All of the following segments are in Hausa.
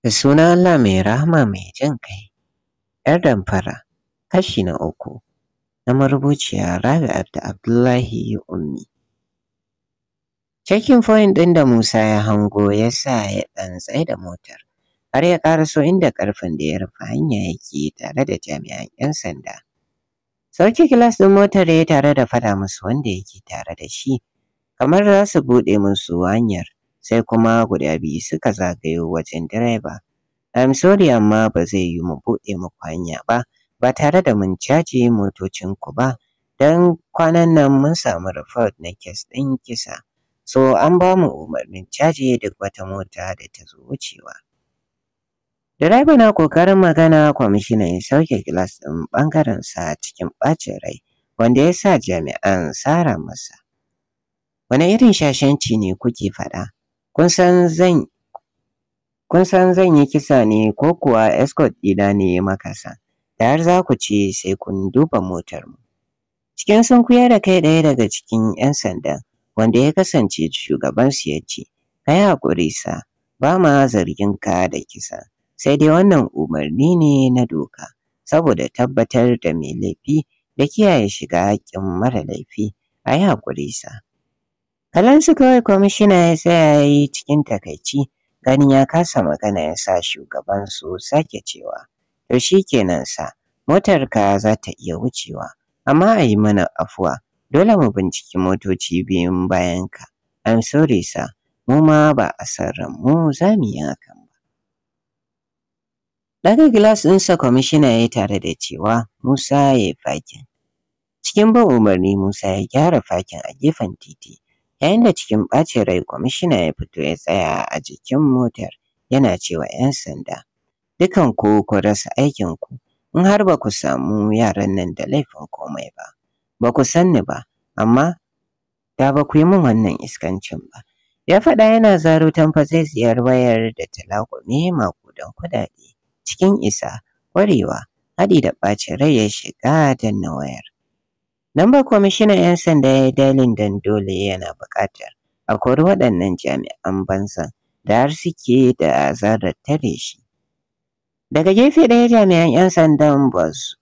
Da suna Allah mai rahama mai jin kai ‘Yar damfara kashi na uku na marubuciya rabi da Abdullahi Ummi. Checking point ɗin da Musa ya hango ya sa ya ɗan tsaye da motar har ya ƙaraso inda ƙarfin da ya rufe hanya yake tare da jami'an 'yan sanda. Sauki kilas ɗin motar ya tare da fada musu wanda yake tare da shi kamar za su buɗe musu hanyar sai kuma guda biyu suka zagayo wajen direba. I'm sorry amma ba zai yi mu buɗe muku hanya ba, ba tare da mun caje ku ba, don kwanan nan mun samu report na kes ɗin kisa. So an ba mu umarnin caji duk wata mota da ta zo wucewa. Direba na ƙoƙarin magana kwamishinan ya sauke gilas ɗin sa cikin ɓacin rai, wanda ya sa jami'an tsara masa. wane irin shashanci ne kuke faɗa? kun san zan yi kisa ne ko kuwa escort ɗina ne makasa da har za ku ce sai kun duba motar mu cikin sunkuya da kai ɗaya daga cikin 'yan sanda wanda ya kasance shugaban su ya ce ka yi haƙuri sa ba ma zargin ka da kisa sai dai wannan umarni ne na doka saboda tabbatar da mai laifi da kiyaye shiga haƙƙin mara laifi a yi haƙuri sa Kallon su kawai kwamishina ya tsaya ya yi cikin takaici, gani ya kasa magana ya sa shugaban su sake cewa, To shi kenan sa, motarka za ta iya wucewa, amma a yi mana afuwa, dole mu binciki motoci biyun bayan ka. I'm sorry sa, mu ma ba a san mu za mu yi hakan ba. Daga gilas ɗinsa kwamishina ya yi tare da cewa Musa ya yi fakin. Cikin ban umarni Musa ya gyara fakin a gefen titi. Yayin da cikin ɓacin rai kwamishina ya fito ya tsaya a jikin motar yana cewa 'yan sanda, dukan ku ku rasa ku in har ba ku samu yaran nan da laifin komai ba. Ba ku san ni ba, amma da ba ku yi min wannan iskancin ba. Ya faɗa yana zaro tamfasaisiyar wayar da talakumi maƙudan kuɗaɗe cikin isa, ƙwarewa, haɗi da ɓacin rai ya shiga danna wayar. Lambar kwamishinan 'yan sanda ya yi dalin don dole yana buƙatar a kori waɗannan jami'an banza da har suke da azarar tare shi. Daga gefe ɗaya jami'an 'yan sandan ba su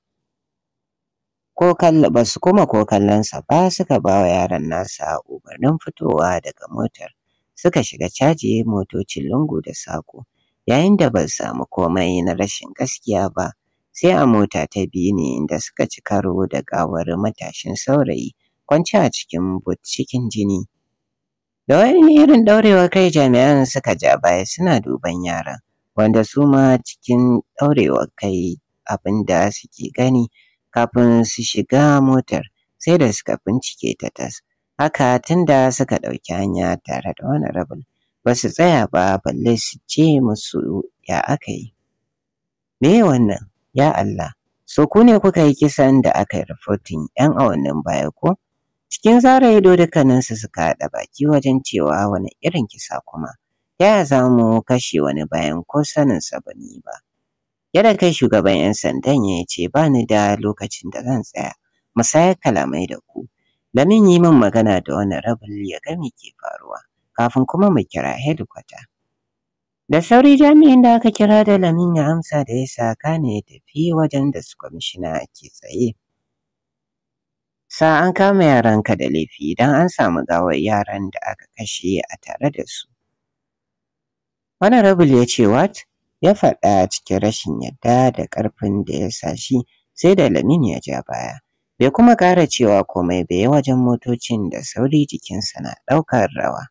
ko ba su kuma ko kallonsa ba suka ba wa yaran nasa umarnin fitowa daga motar suka shiga caji motocin lungu da sako yayin da ba samu komai na rashin gaskiya ba sai a mota ta biyu ne da suka ci karo da gawar matashin saurayi kwance a cikin cikin jini. Da wani irin ɗaurewar kai jami'an suka ja baya suna duban yaran, wanda su ma cikin ɗaurewa kai abin da suke gani kafin su shiga motar sai da suka bincike ta tas. Haka tunda suka ɗauki hanya tare da wani rabin ba su tsaya ba balle su ce musu ya aka yi. Me wannan? ya Allah so ku ne kuka yi kisan da aka yi rufotin yan awannin baya ko cikin zara ido dukkaninsu suka haɗa baki wajen cewa wani irin kisa kuma ya za mu kashe wani bayan ko sanin sabani ba yadda kai shugaban 'yan sandan ya ce ba ni da lokacin da zan tsaya mu musaya kalamai da ku lamin yi min magana da wani rabin ya ga ke faruwa kafin kuma mu kira hedikwata Da sauri jami'in da aka kira da lamin ya amsa da ya saka ne ya tafi wajen da su kwamishina ke tsaye. Sa an kama yaranka da laifi don an samu gawar yaran da aka kashe a tare da su. Wani rabul ya ce wat ya faɗa cikin rashin yadda da ƙarfin da ya sa shi sai da lamin ya ja baya. Bai kuma ƙara cewa komai bai wajen motocin da sauri jikinsa na ɗaukar rawa.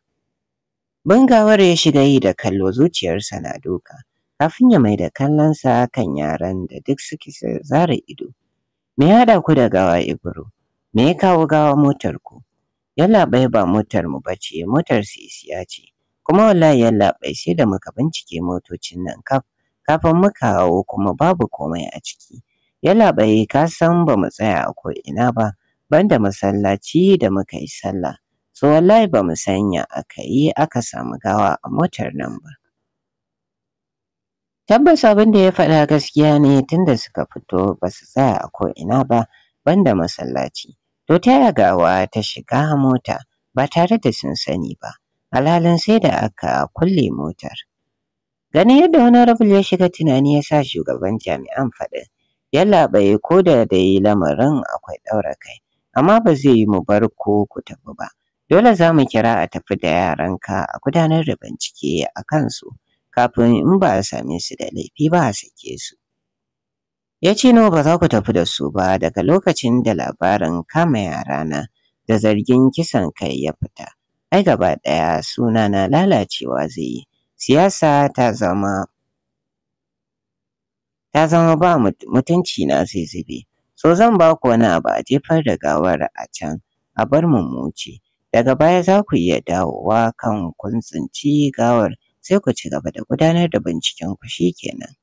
Bungawar ya shiga yi da kallo zuciyarsa na doka, kafin ya mai da kallonsa kan yaran da duk suke zara ido. Me ya haɗa ku da gawa Ibro? Me ya kawo gawa motar ku? Yallaɓai ba motar mu bace, motar sisiya ce. Kuma wallahi yallaɓai sai da muka bincike motocin nan kaf, kafin muka hawo kuma babu komai a ciki. Yallaɓai ka san ba mu tsaya a ko'ina ba, banda masallaci da muka yi sallah. so wallahi ba mu sanya aka yi aka samu gawa a motar nan ba. Tabbas abin da ya faɗa gaskiya ne tunda suka fito ba su tsaya a ko'ina ba banda masallaci. To ta ya gawa ta shiga mota ba tare da sun sani ba, alhalin sai da aka kulle motar. Ganin yadda wani rabul ya shiga tunani ya sa shugaban jami'an faɗin, yallaɓai ko da da yi lamarin akwai ɗaura kai, amma ba zai yi mu bar ko ku tafi ba. Dole za mu kira a tafi da yaranka a gudanar da bincike a kansu kafin in ba a same su da laifi ba a sake su. Ya ce no ba za ku tafi da su ba daga lokacin da labarin kama yarana da zargin kisan kai ya fita. Ai gaba ɗaya suna na lalacewa zai yi. Siyasa ta zama ta zama ba mutunci na zai zube. So zan ba ku wani abu a jefar da gawar a can a bar mu muce Daga baya za ku iya dawowa kan kun tsinci gawar sai ku ci gaba da gudanar da binciken ku kenan.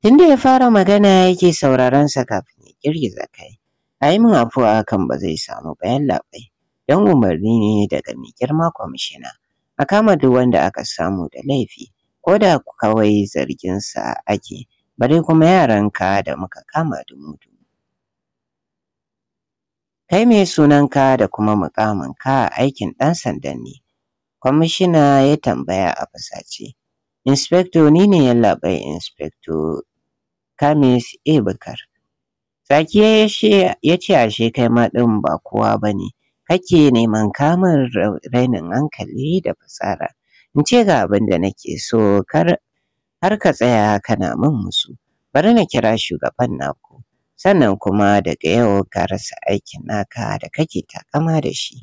Tunda ya fara magana yake sauraron sa kafin ya girgiza kai. A yi min afuwa hakan ba zai samu bayan labai. Don umarni ne daga mai girma kwamishina. A kama duk wanda aka samu da laifi ko da kawai zarginsa ake. Bari kuma yaranka da muka kama da mudu. kai me sunanka da kuma ka a aikin ɗan sandan ne? Kwamishina ya tambaya a fasace. Inspector ni ne yallaɓai Inspector Kamis A. Bakar. Zakiya ya ce ashe kai ma ɗin ba kowa ba ne, kake neman kamun rainin hankali da fasara. In ce ga abin da nake so kar har ka tsaya kana min musu. Bari na kira shugaban naku. sannan kuma daga yau ka rasa aikin naka da kake takama da shi.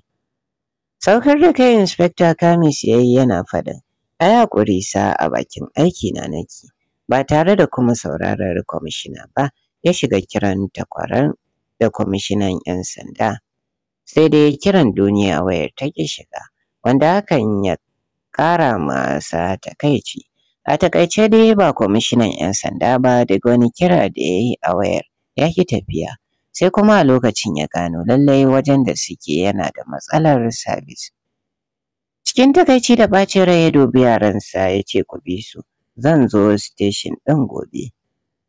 Saukar da kai inspekta Kamis ya yi yana faɗin, a ƙuri sa a bakin aiki na naki, ba tare da kuma sauraron kwamishina ba ya shiga kiran takwaran da kwamishinan 'yan sanda. Sai dai kiran duniya wayar take shiga, wanda hakan ya ƙara masa takaici. A takaice dai ba kwamishinan 'yan sanda ba daga wani kira da ya yi a wayar. ya ki tafiya. Sai kuma a lokacin ya gano lallai wajen da suke yana da matsalar sabis. Cikin takaici da ɓacin rai ya dubi yaransa ya ce ku bi su, zan zo station ɗin gobe.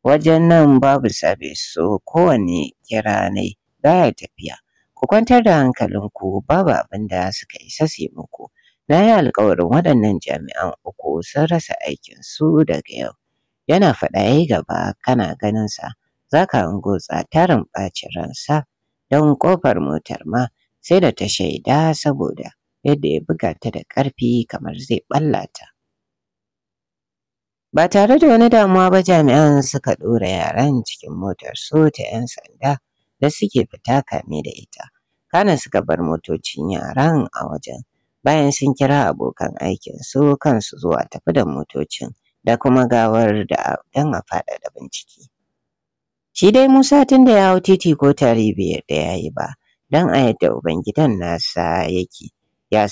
Wajen nan babu sabis so kowane kira ne baya tafiya. Ku kwantar da hankalinku babu abin da suka isa sai muku. Na yi alkawarin waɗannan jami'an uku sun rasa aikinsu daga yau. Yana faɗa ya gaba kana ganinsa. za ka angotsa tarin ɓacin ransa don ƙofar motar ma sai da ta shaida saboda yadda ya buga ta da ƙarfi kamar zai ɓallata. Ba tare da wani damuwa ba jami'an suka ɗora yaran cikin motar su ta 'yan sanda da suke fita kame da ita. Kana suka bar motocin yaran a wajen bayan sun kira abokan aikin su kansu zuwa tafi da motocin da kuma gawar da don a faɗaɗa bincike. Shi dai Musa tun da ya hau titi ko tari bai yarda ya yi ba, don a yadda Ubangidan nasa yake, ya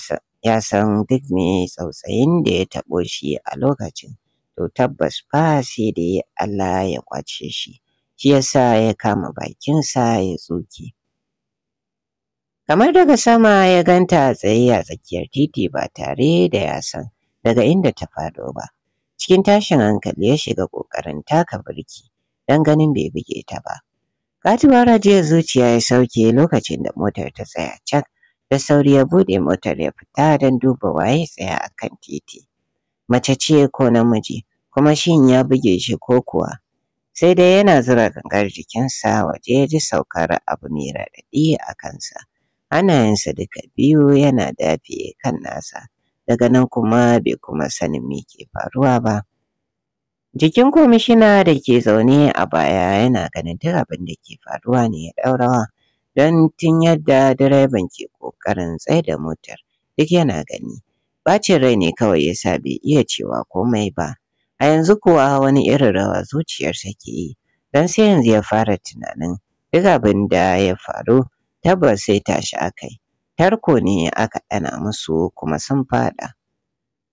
san duk ne tsautsayin da ya taɓo shi a lokacin, to tabbas ba sai dai Allah ya kwace shi, shi ya sa ya kama bakinsa ya tsoke. Kamar daga sama ya ganta tsaye a tsakiyar titi ba tare da ya san daga inda ta faɗo ba. Cikin tashin hankali ya shiga ƙoƙarin taka birki. don ganin bai buge ta ba. Katuwar rajiyar zuciya ya sauke lokacin da motar ta tsaya cak da sauri ya buɗe motar ya fita don duba waye tsaya a kan titi. Mace ce ko namiji kuma shin ya buge shi ko kuwa sai dai yana zura gangar jikinsa waje ya ji saukar abu mai raɗaɗi a kansa. Hannayensa duka biyu yana dafe kan nasa daga nan kuma bai kuma sanin me ke faruwa ba. Jikin komishina da ke zaune a baya yana ganin duk abin da ke faruwa ne ya ɗaurawa don tun yadda direban ke ƙoƙarin tsaye da motar duk yana gani. Bacin rai ne kawai ya sa bai iya cewa komai ba. A yanzu kuwa wani irin rawa zuciyarsa ke yi don sai yanzu ya fara tunanin duk abin da ya faru tabbas sai tashi aka yi. Tarko ne aka ɗana musu kuma sun faɗa.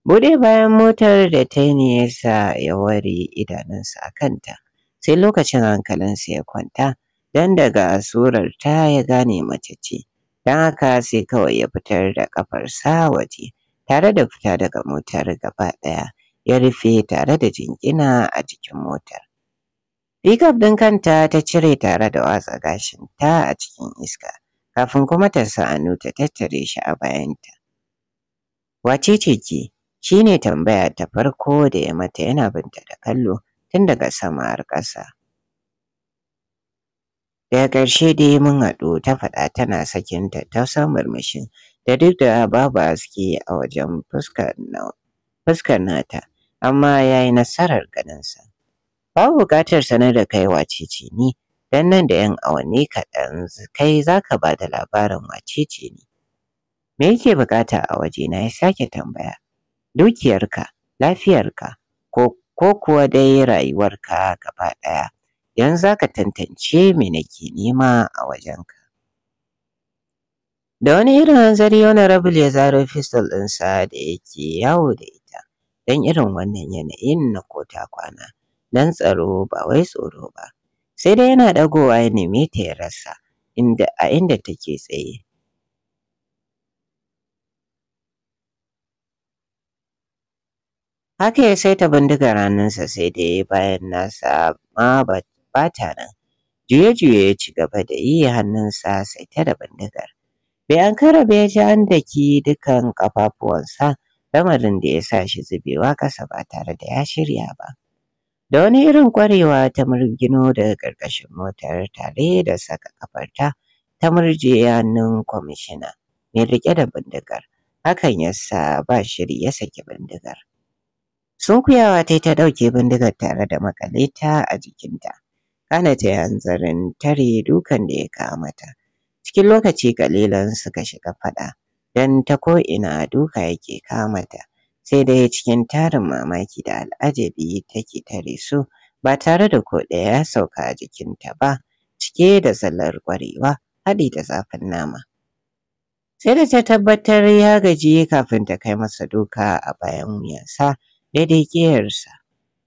Buɗe bayan motar da ta yi nesa ya ware idanunsa a kanta, sai lokacin hankalinsa ya kwanta, don daga surar ta ya gane mace ce, don haka sai kawai ya fitar da ƙafarsa waje, tare da fita daga motar gaba ɗaya, ya rufe tare da jingina a jikin motar. Pickup ɗin kanta ta cire tare da watsa gashinta a cikin iska, kafin kuma ta sa'anu ta tattare shi a bayanta. Wace ce ke? Shi ne tambaya ta farko da ya mata yana binta da kallo tun daga sama har ƙasa. Daga ƙarshe dai mun haɗu ta faɗa tana sakin tattausan murmushin da duk da babu haske a wajen fuskar nata, amma ya yi nasarar ganinsa. Babu buƙatar sanar da kai wacece ni, don nan da ‘yan awanni kaɗan kai za ka ba da labarin wacece ni. Me yake buƙata a wajena ya sake tambaya. dukiyarka, lafiyarka, ko kuwa dai rayuwarka gaba ɗaya. Idan za ka tantance me nake nema a wajenka. Da wani irin hanzari Honorable ya zaro fistol ɗinsa da yake yawo da ita don irin wannan yanayin na kota kwana don tsaro ba wai tsoro ba. Sai dai yana ɗagowa ya neme ta ya rasa a inda take tsaye Haka ya saita bindigar hannunsa sai dai bayan nasa ma ba ta nan. Juye-juye ya ci gaba da yi hannunsa saita da bindigar. Bai an kara bai ji an daki dukan kafafuwansa lamarin da ya sa shi zubewa kasa ba tare da ya shirya ba. Da wani irin kwarewa ta murgino daga ƙarƙashin motar tare da saka kafarta ta murje hannun kwamishina mai riƙe da bindigar. Hakan ya sa ba shiri ya saki bindigar. Sun kuyawa ta ta ɗauke bindigar tare da makale ta a jikinta. Kana ta yi hanzarin tare dukan da ya kawo mata. Cikin lokaci ƙalilan suka shiga faɗa don ta ko'ina duka yake kawo mata. Sai dai cikin tarin mamaki da al'ajabi take tare su ba tare da ko ɗaya ya sauka a jikinta ba cike da zallar ƙwarewa haɗi da zafin nama. Sai da ta tabbatar ya gaji kafin ta kai masa duka a bayan wuyansa. daidai kiyarsa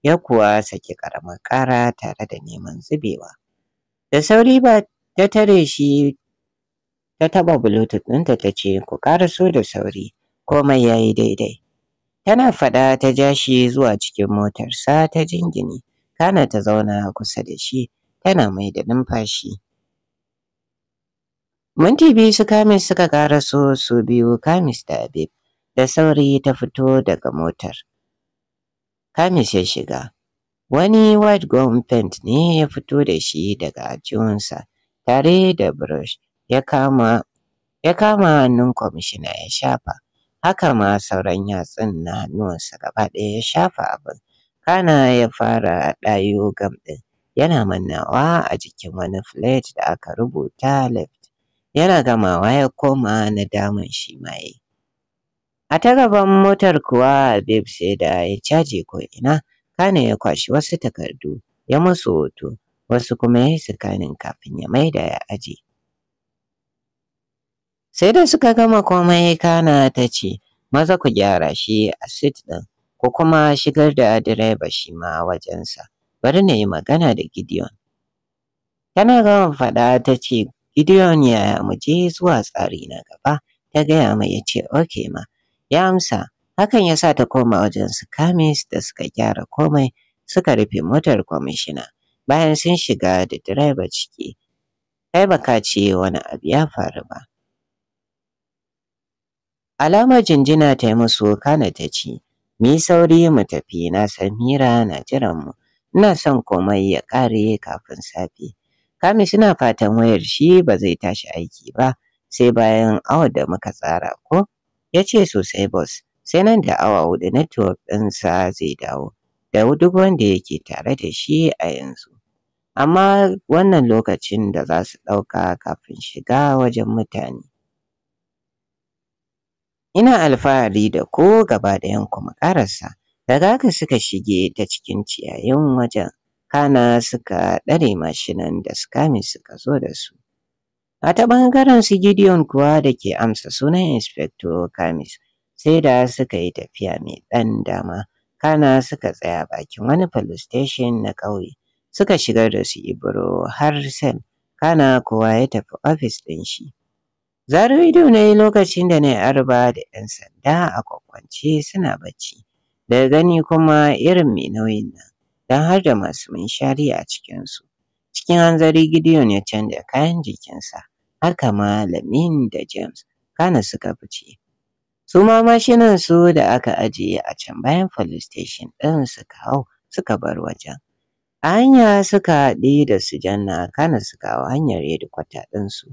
ya kuwa saki ƙaramar ƙara tare da neman zubewa. Da sauri ba ta tare shi ta taɓa bulutut ɗinta ta ce ku so da sauri komai ya yi daidai. Tana faɗa ta ja shi zuwa cikin motarsa ta jingini, kana ta zauna kusa da shi tana mai da numfashi. Minti biyu su Kamis suka ƙaraso su biyu Kamis da Abib da sauri ta fito daga motar. Kamis ya shiga. Wani white gown paint ne ya fito da shi daga ajiyunsa tare da brush ya kama ya kama hannun kwamishina ya shafa. Haka ma sauran yatsun na hannuwansa gaba ɗaya ya shafa abin. Kana ya fara ɗayo gam ɗin yana mannawa a jikin wani plate da aka rubuta left. Yana gamawa ya koma na daman shi ma yayi. A ta gaban motar kuwa Habib sai da ya caje ko'ina, Kane ya kwashi wasu takardu, ya musu hoto, wasu kuma ya yi sikanin kafin ya mai da ya aje. Sai da suka gama komai Kana ta ce, maza ku gyara shi a sit ɗin, ko kuma shigar da direba shi ma wajensa. Bari na yi magana da Gideon. Tana gama faɗa ta ce, Gideon ya mu zuwa tsari na gaba, ta gaya mai ya ce, "Oke ma, ya amsa hakan ya sa ta koma wajen su kamis da suka gyara komai suka rufe motar kwamishina bayan sun shiga da direba ciki kai baka ce wani abu ya faru ba alama jinjina ta yi musu kana ta ce mi sauri mu tafi na san mira na jiran mu ina son komai ya kare kafin safe kamis suna fatan wayar shi ba zai tashi aiki ba sai bayan awa da muka tsara ko Ya ce sosai boss, sai nan da awa hudu network ɗinsa zai dawo, da duk wanda yake tare da shi a yanzu. Amma wannan lokacin da za su ɗauka kafin shiga wajen mutane. Ina alfahari da ko gaba ɗayan kuma ƙararsa, daga haka suka shige ta cikin ciyayin wajen, kana suka ɗare mashinan da skami suka zo da su. A ta ɓangaren su Gideon kuwa da ke amsa sunan Inspector Kamis sai da suka yi tafiya mai ɗan dama. Kana suka tsaya bakin wani police station na ƙauye. Suka shigar da su Ibro har sel. Kana kowa ya tafi ofis ɗin shi. Zaro ido na yi lokacin da na yi arba da ‘yan sanda a kwakwance suna bacci. Da gani kuma irin mai nauyin nan, don har da masu munshari a cikinsu. Cikin hanzari Gideon ya canja kayan jikinsa. haka Malamin Lamin da James kana suka fice. Su ma mashinan su da aka ajiye a can bayan police station ɗin suka hau suka bar wajen. A hanya suka haɗi da su janna kana suka hau hanyar kwata ɗinsu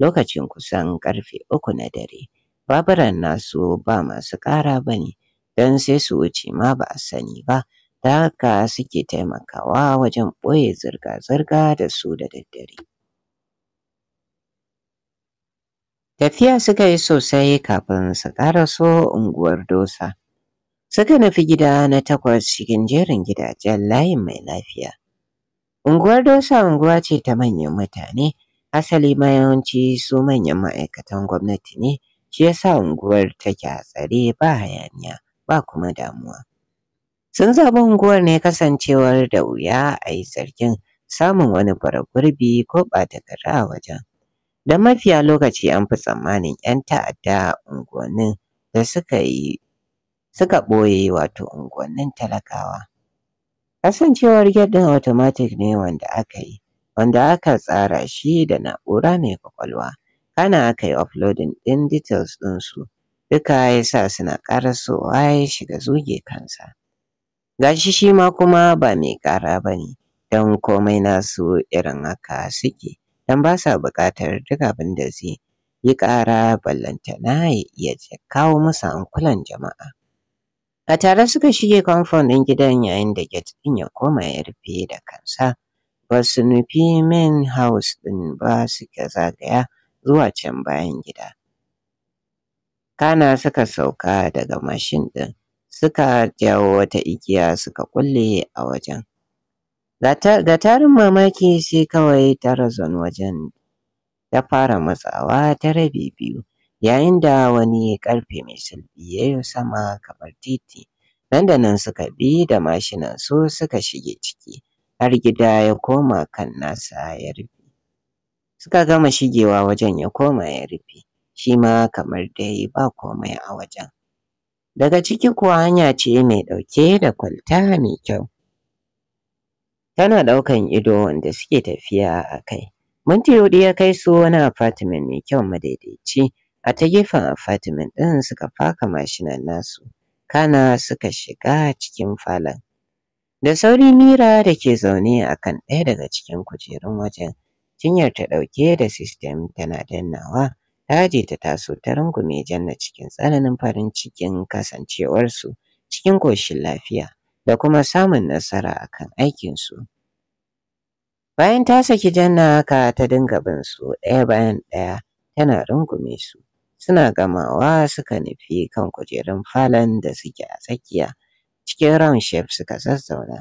lokacin kusan ƙarfe uku na dare. Baburan nasu ba masu ƙara ba ne don sai su wuce ma ba a sani ba. Da haka suke taimakawa wajen ɓoye zirga-zirga da su da daddare. Tafiya suka yi sosai kafin su ƙaraso unguwar Dosa. Suka nufi gida na takwas cikin jerin gidajen layin mai lafiya. Unguwar Dosa unguwa ce ta manyan mutane, asali ma yawanci su manyan ma'aikatan gwamnati ne, shi yasa unguwar take a tsare ba hayaniya ba kuma damuwa. Sun zaɓi unguwar ne kasancewar da wuya a yi zargin samun wani bara gurbi ko ɓata gari a wajen. da mafiya lokaci an fi tsammanin 'yan ta'adda a unguwannin da suka yi suka ɓoye wato unguwannin talakawa. Kasancewar get ɗin automatic ne wanda aka yi wanda aka tsara shi da na'ura mai ƙwaƙwalwa. Kana aka yi offloading ɗin details ɗinsu duka ya sa suna ƙarasowa ya shiga zuge kansa. Gashi shi ma kuma ba mai ƙara ba ne don komai nasu irin haka suke. dan ba sa buƙatar duk abin da zai yi ƙara ballantana ya kawo musu hankulan jama'a. A tare suka shige kamfan ɗin gidan yayin da get ɗin ya koma ya rufe da kansa. Ba su nufi main house ɗin ba suka zagaya zuwa can bayan gida. Kana suka sauka daga mashin ɗin suka jawo wata igiya suka kulle a wajen. ga tarin mamaki sai kawai ta razon wajen ta fara matsawa ta rabi biyu yayin da wani karfe mai sulbi ya yi sama kamar titi nan da nan suka bi da mashinan su suka shige ciki har gida ya koma kan nasa ya rufe suka gama shigewa wajen ya koma ya rufe shi ma kamar dai ba komai a wajen daga ciki kuwa hanya ce mai ɗauke da kwalta mai kyau tana ɗaukan ido wanda suke tafiya a kai. Minti huɗu ya kai su wani apartment mai kyau madaidaici a ta gefen apartment ɗin suka faka mashinan nasu. Kana suka shiga cikin falon. Da sauri Mira da ke zaune a kan ɗaya daga cikin kujerun wajen, cinyar ta ɗauke da sistem tana dannawa, ta je ta taso ta rungume janna cikin tsananin farin cikin kasancewarsu cikin ƙoshin lafiya. da kuma samun nasara a kan aikinsu. Bayan ta saki janna haka ta dinga bin su ɗaya bayan ɗaya tana rungume su. Suna gamawa suka nufi kan kujerun falon da suke a tsakiya cikin round shape suka zazzauna.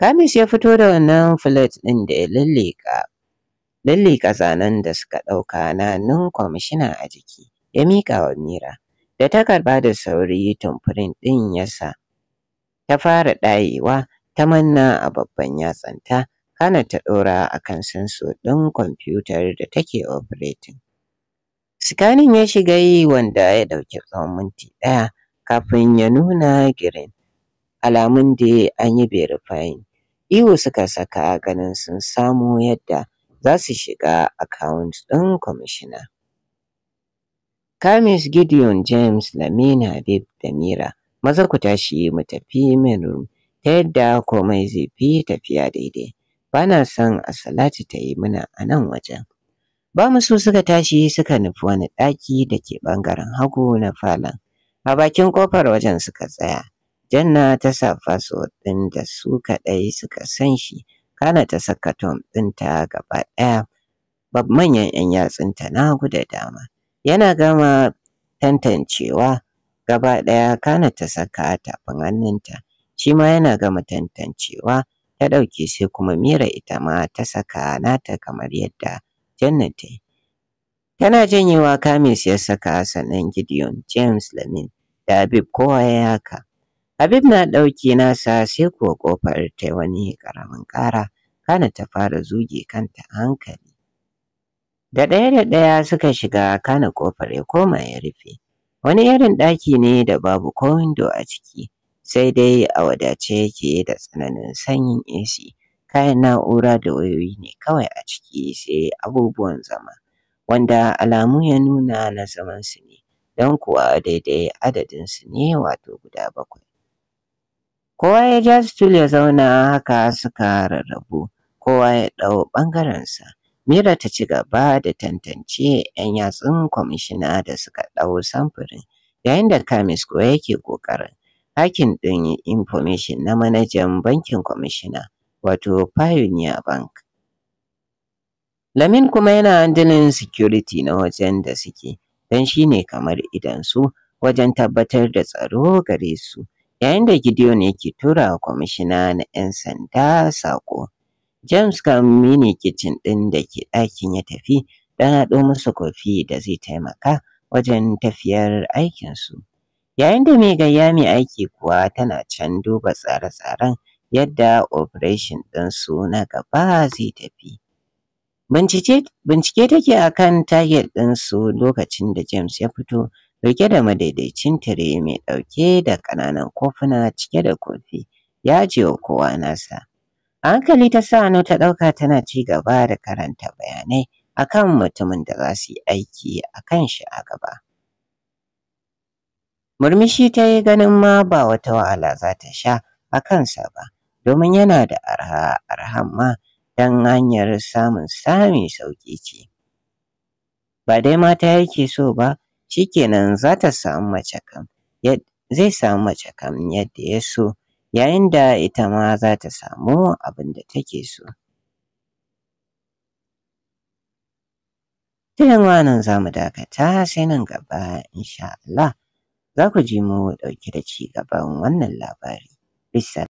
Kamis ya fito da wannan filet ɗin da ya lalleka zanen da suka ɗauka na nun kwamishina a jiki ya miƙa wa Mira da ta karɓa da sauri tumfurin ɗin ya sa ta fara ɗayewa ta manna a babban yatsanta kana ta ɗora a kan sensor ɗin kwamfutar da take operating. Sikanin ya shiga yi wanda ya ɗauki tsawon minti ɗaya kafin ya nuna girin Alamun da an yi verifying. Ihu suka saka ganin sun samu yadda za su shiga account ɗin kwamishina. Kamis Gideon James Lamina Habib da Mira maza ku tashi mu tafi min ta yadda komai zai fi tafiya daidai ba na son a salati ta yi mana a nan wajen ba mu so suka tashi suka nufi wani ɗaki da ke ɓangaren hagu na falon a bakin ƙofar wajen suka tsaya janna ta sa faso ɗin da su kaɗai suka san shi kana ta saka tom ɗinta gaba ɗaya manyan 'yan yatsunta na guda dama yana gama tantancewa gaba ɗaya kana ta saka a tafin hannunta shi ma yana gama tantancewa ta ɗauke sai kuma mira ita ma ta saka nata kamar yadda jannat ta yi tana janyewa kamis ya saka sannan gideon james lamin da habib kowa ya haka habib na ɗauki nasa sai kuwa ƙofar ta wani ƙaramin ƙara kana ta fara zuge kanta hankali da ɗaya da ɗaya suka shiga kana ƙofar ya koma ya rufe Wani irin ɗaki ne da babu ko windo a ciki, sai dai a wadace yake da tsananin sanyin AC. Kayan na'ura da wayoyi ne kawai a ciki sai abubuwan zama, wanda alamu ya nuna na zaman su ne, don kuwa daidai adadin su ne wato guda bakwai. Kowa ya ja stool ya zauna haka suka rarrabu, kowa ya ɗau ɓangarensa. Mira ta ci gaba da tantance 'yan yatsun kwamishina da suka ɗau samfurin, yayin da Kamis kuwa yake ƙoƙarin hakin ɗin information na manajan bankin kwamishina, wato Pioneer Bank. Lamin kuma yana handling security na wajen da suke, don shi ne kamar idan su wajen tabbatar da tsaro gare su, yayin da Gideon yake tura kwamishina na 'yan sanda saƙo. James kan mini kicin ɗin da ke ɗakin ya tafi don haɗo musu kofi da zai taimaka wajen tafiyar aikinsu. Yayin da mai gayya mai aiki kuwa tana can duba tsare-tsaren yadda operation ɗinsu na gaba zai tafi. Bincike take a kan target ɗinsu lokacin da James ya fito rike da madaidaicin tire mai ɗauke da ƙananan kofuna cike da kofi ya ajiye wa kowa nasa. hankali ta sa hannu ta ɗauka tana ci gaba da karanta bayanai a kan mutumin da za su yi aiki a kan shi a gaba. Murmushi ta yi ganin ma ba wata wahala za ta sha a kansa ba, domin yana da arha arhan ma don hanyar samun sami sauƙi ce. Ba dai mata yake so ba, shikenan za ta samu mace zai samu mace kam yadda ya so yayin da ita ma za ta samu abin da take so. Ta yamma nan za mu dakata sai nan gaba insha Allah za ku ji mu ɗauke da cigaban wannan labari. Bisa